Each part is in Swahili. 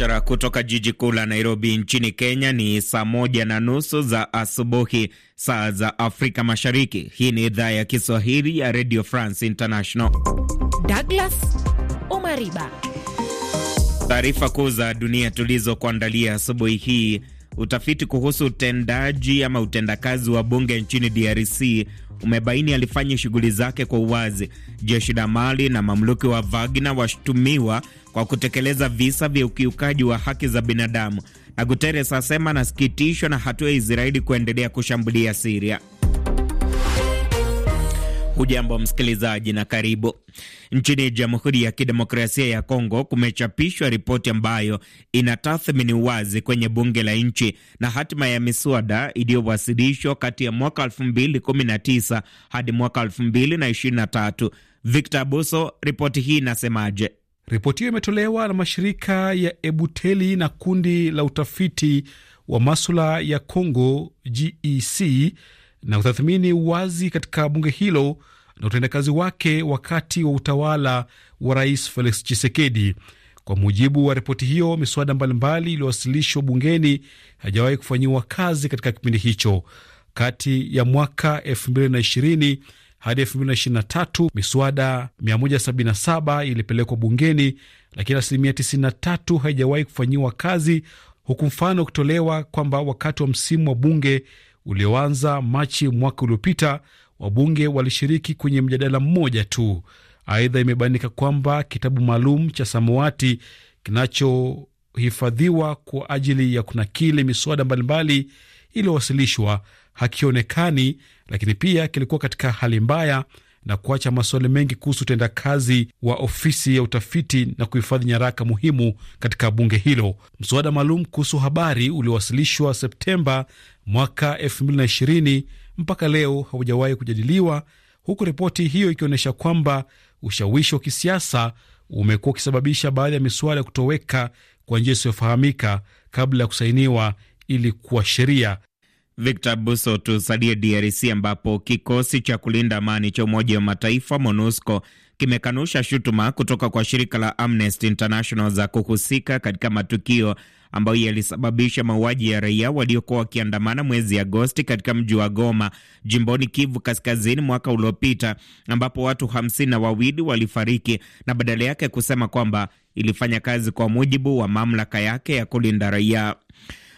mubashara kutoka jiji kuu la Nairobi nchini Kenya. Ni saa moja na nusu za asubuhi saa za Afrika Mashariki. Hii ni idhaa ya Kiswahili ya Radio France International. Douglas Omariba, taarifa kuu za dunia tulizokuandalia asubuhi hii. Utafiti kuhusu utendaji ama utendakazi wa bunge nchini DRC umebaini alifanya shughuli zake kwa uwazi. Jeshi la Mali na mamluki wa Wagner washutumiwa kwa kutekeleza visa vya ukiukaji wa haki za binadamu, na Guterres asema anasikitishwa na hatua ya Israeli kuendelea kushambulia Siria. Hujambo msikilizaji na karibu. Nchini Jamhuri ya Kidemokrasia ya Kongo kumechapishwa ripoti ambayo ina tathmini wazi kwenye bunge la nchi na hatima ya miswada iliyowasilishwa kati ya mwaka 2019 hadi mwaka 2023. Victor Buso, ripoti hii inasemaje? Ripoti hiyo imetolewa na mashirika ya Ebuteli na kundi la utafiti wa maswala ya Congo GEC na kutathmini uwazi katika bunge hilo na utendakazi wake wakati wa utawala wa Rais Felix chisekedi Kwa mujibu wa ripoti hiyo, miswada mbalimbali iliyowasilishwa bungeni hajawahi kufanyiwa kazi katika kipindi hicho. Kati ya mwaka 2020 hadi 2023 miswada 177 ilipelekwa bungeni, lakini asilimia 93 haijawahi kufanyiwa kazi, huku mfano kutolewa kwamba wakati wa msimu wa bunge ulioanza Machi mwaka uliopita wabunge walishiriki kwenye mjadala mmoja tu. Aidha, imebainika kwamba kitabu maalum cha samawati kinachohifadhiwa kwa ajili ya kunakili miswada mbalimbali iliyowasilishwa hakionekani, lakini pia kilikuwa katika hali mbaya na kuacha maswali mengi kuhusu utendakazi wa ofisi ya utafiti na kuhifadhi nyaraka muhimu katika bunge hilo. Mswada maalum kuhusu habari uliowasilishwa Septemba mwaka 2020 mpaka leo haujawahi kujadiliwa, huku ripoti hiyo ikionyesha kwamba ushawishi wa kisiasa umekuwa ukisababisha baadhi ya miswada ya kutoweka kwa njia isiyofahamika kabla ya kusainiwa ili kuwa sheria. Victor Buso, tusalie DRC ambapo kikosi cha kulinda amani cha Umoja wa Mataifa MONUSCO kimekanusha shutuma kutoka kwa shirika la Amnesty International za kuhusika katika matukio ambayo yalisababisha mauaji ya raia waliokuwa wakiandamana mwezi Agosti katika mji wa Goma jimboni Kivu Kaskazini mwaka uliopita, ambapo watu hamsini na wawili walifariki na badala yake kusema kwamba ilifanya kazi kwa mujibu wa mamlaka yake ya kulinda raia.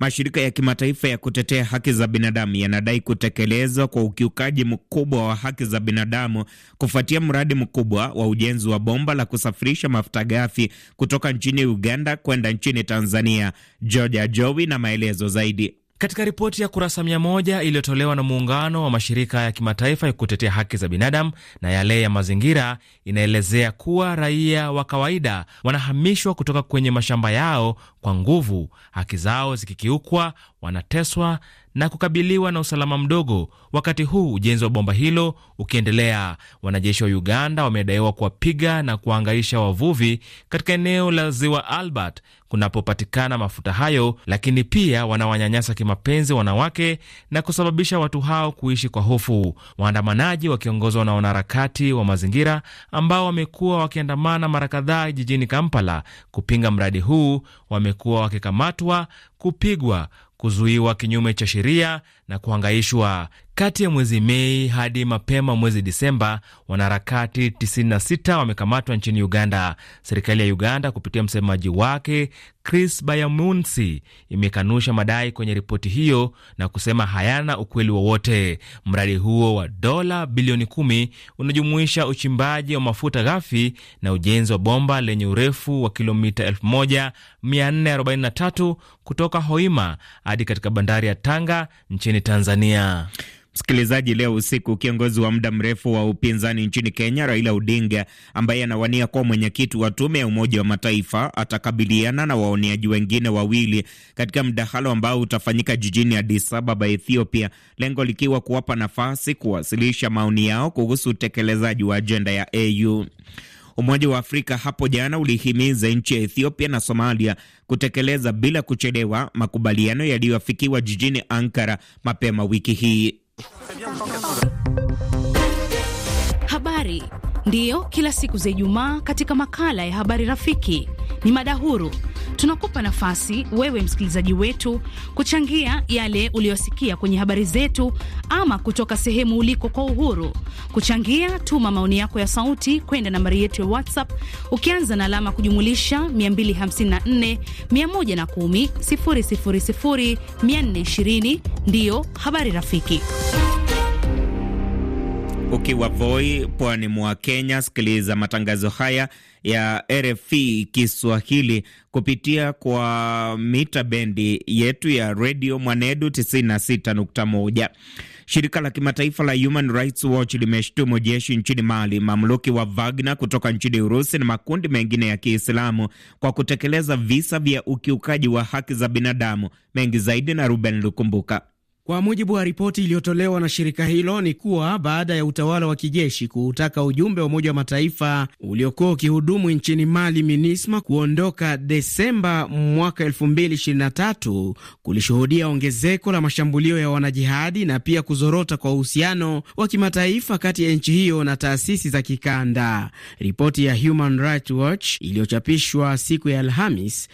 Mashirika ya kimataifa ya kutetea haki za binadamu yanadai kutekelezwa kwa ukiukaji mkubwa wa haki za binadamu kufuatia mradi mkubwa wa ujenzi wa bomba la kusafirisha mafuta ghafi kutoka nchini Uganda kwenda nchini Tanzania. Georgia Jowi na maelezo zaidi. Katika ripoti ya kurasa mia moja iliyotolewa na muungano wa mashirika ya kimataifa ya kutetea haki za binadamu na yale ya mazingira inaelezea kuwa raia wa kawaida wanahamishwa kutoka kwenye mashamba yao kwa nguvu, haki zao zikikiukwa, wanateswa na kukabiliwa na usalama mdogo, wakati huu ujenzi wa bomba hilo ukiendelea. Wanajeshi wa Uganda wamedaiwa kuwapiga na kuwaangaisha wavuvi katika eneo la ziwa Albert kunapopatikana mafuta hayo, lakini pia wanawanyanyasa kimapenzi wanawake na kusababisha watu hao kuishi kwa hofu. Waandamanaji wakiongozwa na wanaharakati wa mazingira ambao wamekuwa wakiandamana mara kadhaa jijini Kampala kupinga mradi huu wamekuwa wakikamatwa, kupigwa kuzuiwa kinyume cha sheria na kuhangaishwa. Kati ya mwezi Mei hadi mapema mwezi Disemba, wanaharakati 96 wamekamatwa nchini Uganda. Serikali ya Uganda kupitia msemaji wake Chris Bayamunsi imekanusha madai kwenye ripoti hiyo na kusema hayana ukweli wowote. Mradi huo wa dola bilioni kumi unajumuisha uchimbaji wa mafuta ghafi na ujenzi wa bomba lenye urefu wa kilomita 1443 kutoka Hoima hadi katika bandari ya Tanga nchini nchini Tanzania. Msikilizaji, leo usiku kiongozi wa muda mrefu wa upinzani nchini Kenya, Raila Odinga, ambaye anawania kuwa mwenyekiti wa tume ya Umoja wa Mataifa, atakabiliana na waoneaji wengine wawili katika mdahalo ambao utafanyika jijini Addis Ababa, Ethiopia, lengo likiwa kuwapa nafasi kuwasilisha maoni yao kuhusu utekelezaji wa ajenda ya AU. Umoja wa Afrika hapo jana ulihimiza nchi ya Ethiopia na Somalia kutekeleza bila kuchelewa makubaliano yaliyoafikiwa jijini Ankara mapema wiki hii. Habari ndiyo kila siku za Ijumaa katika makala ya Habari Rafiki ni mada huru, tunakupa nafasi wewe msikilizaji wetu kuchangia yale uliyosikia kwenye habari zetu ama kutoka sehemu uliko kwa uhuru. Kuchangia, tuma maoni yako ya sauti kwenda nambari yetu ya WhatsApp ukianza na alama kujumulisha 254 110 Ndiyo habari rafiki. Ukiwa Voi, pwani mwa Kenya, sikiliza matangazo haya ya RFI e Kiswahili kupitia kwa mita bendi yetu ya redio Mwanedu 96.1. Shirika la kimataifa la Human Rights Watch limeshtumu jeshi nchini Mali, mamluki wa Wagner kutoka nchini Urusi na makundi mengine ya Kiislamu kwa kutekeleza visa vya ukiukaji wa haki za binadamu. Mengi zaidi na Ruben Lukumbuka. Kwa mujibu wa ripoti iliyotolewa na shirika hilo ni kuwa baada ya utawala wa kijeshi kuutaka ujumbe wa Umoja wa Mataifa uliokuwa ukihudumu nchini Mali, MINISMA, kuondoka Desemba mwaka 2023 kulishuhudia ongezeko la mashambulio ya wanajihadi na pia kuzorota kwa uhusiano wa kimataifa kati ya nchi hiyo na taasisi za kikanda. Ripoti ya Human Rights Watch iliyochapishwa siku ya Alhamis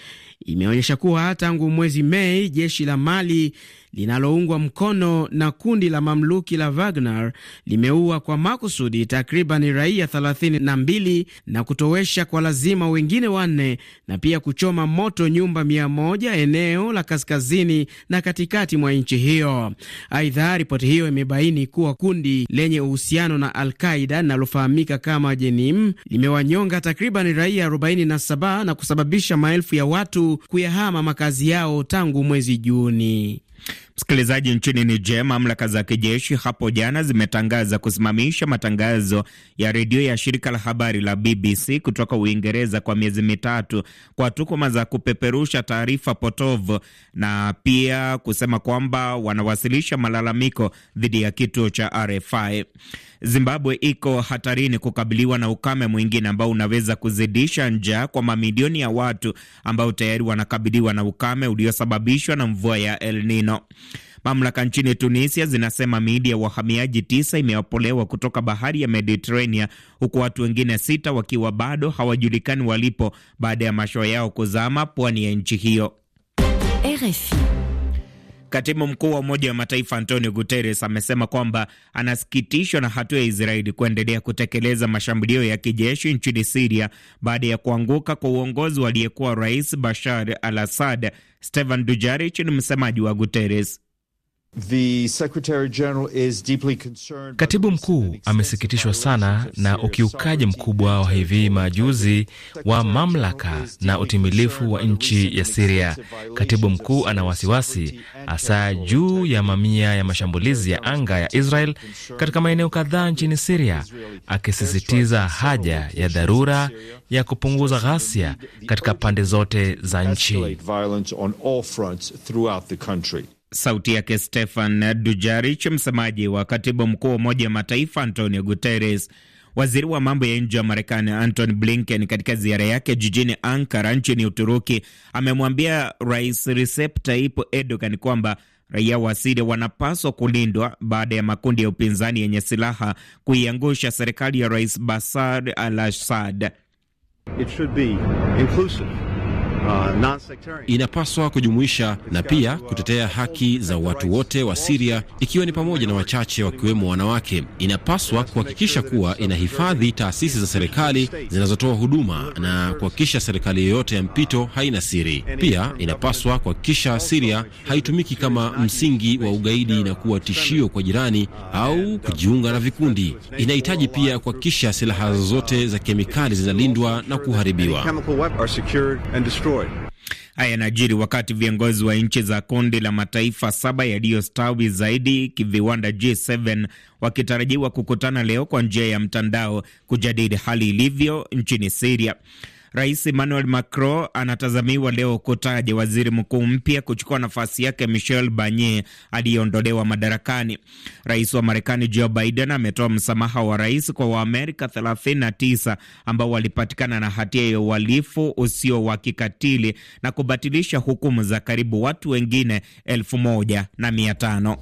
imeonyesha kuwa tangu mwezi Mei jeshi la Mali linaloungwa mkono na kundi la mamluki la Wagner limeua kwa makusudi takriban raia 32 na na kutowesha kwa lazima wengine wanne na pia kuchoma moto nyumba 1 eneo la kaskazini na katikati mwa nchi hiyo. Aidha, ripoti hiyo imebaini kuwa kundi lenye uhusiano na Al-Qaida linalofahamika kama Jenim limewanyonga takriban raia 47 na kusababisha maelfu ya watu kuyahama makazi yao tangu mwezi Juni. Msikilizaji, nchini Niger, mamlaka za kijeshi hapo jana zimetangaza kusimamisha matangazo ya redio ya shirika la habari la BBC kutoka Uingereza kwa miezi mitatu kwa tuhuma za kupeperusha taarifa potovu na pia kusema kwamba wanawasilisha malalamiko dhidi ya kituo cha RFI. Zimbabwe iko hatarini kukabiliwa na ukame mwingine ambao unaweza kuzidisha njaa kwa mamilioni ya watu ambao tayari wanakabiliwa na ukame uliosababishwa na mvua ya El Nino. Mamlaka nchini Tunisia zinasema miili ya wahamiaji tisa imeopolewa kutoka bahari ya Mediterania, huku watu wengine sita wakiwa bado hawajulikani walipo baada ya mashua yao kuzama pwani ya nchi hiyo. RFI. Katibu mkuu wa Umoja wa Mataifa Antonio Guterres amesema kwamba anasikitishwa na hatua ya Israeli kuendelea kutekeleza mashambulio ya kijeshi nchini Siria baada ya kuanguka kwa uongozi wa aliyekuwa rais Bashar al Assad. Stephane Dujarric ni msemaji wa Guterres. Katibu mkuu amesikitishwa sana na ukiukaji mkubwa wa hivi majuzi wa mamlaka na utimilifu wa nchi ya Siria. Katibu mkuu ana wasiwasi hasa juu ya mamia ya mashambulizi ya anga ya Israel katika maeneo kadhaa nchini Siria, akisisitiza haja ya dharura ya kupunguza ghasia katika pande zote za nchi. Sauti yake Stefan dujarich msemaji wa katibu mkuu wa Umoja wa Mataifa Antonio Guterres. Waziri wa mambo ya nje wa Marekani antony Blinken, katika ziara yake jijini Ankara nchini Uturuki, amemwambia Rais Recep Tayyip Erdogan kwamba raia wa Siria wanapaswa kulindwa baada ya makundi ya upinzani yenye silaha kuiangusha serikali ya Rais Bashar al-Assad. Uh, inapaswa kujumuisha na pia uh, kutetea haki za watu wote wa Siria, ikiwa ni pamoja na wachache wakiwemo wanawake. Inapaswa kuhakikisha kuwa inahifadhi taasisi za serikali zinazotoa huduma na kuhakikisha serikali yoyote ya mpito haina siri. Pia inapaswa kuhakikisha Siria haitumiki kama msingi wa ugaidi uh, na kuwa tishio kwa jirani au kujiunga na vikundi. Inahitaji pia kuhakikisha silaha zote za kemikali zinalindwa na kuharibiwa destroyed. Haya yanajiri wakati viongozi wa nchi za kundi la mataifa saba yaliyostawi zaidi kiviwanda G7 wakitarajiwa kukutana leo kwa njia ya mtandao kujadili hali ilivyo nchini Siria. Rais Emmanuel Macron anatazamiwa leo kutaja waziri mkuu mpya kuchukua nafasi yake Michel Barnier aliyeondolewa madarakani. Rais wa Marekani Joe Biden ametoa msamaha wa rais kwa Waamerika 39 ambao walipatikana na hatia ya uhalifu usio wa kikatili na kubatilisha hukumu za karibu watu wengine elfu moja na mia tano.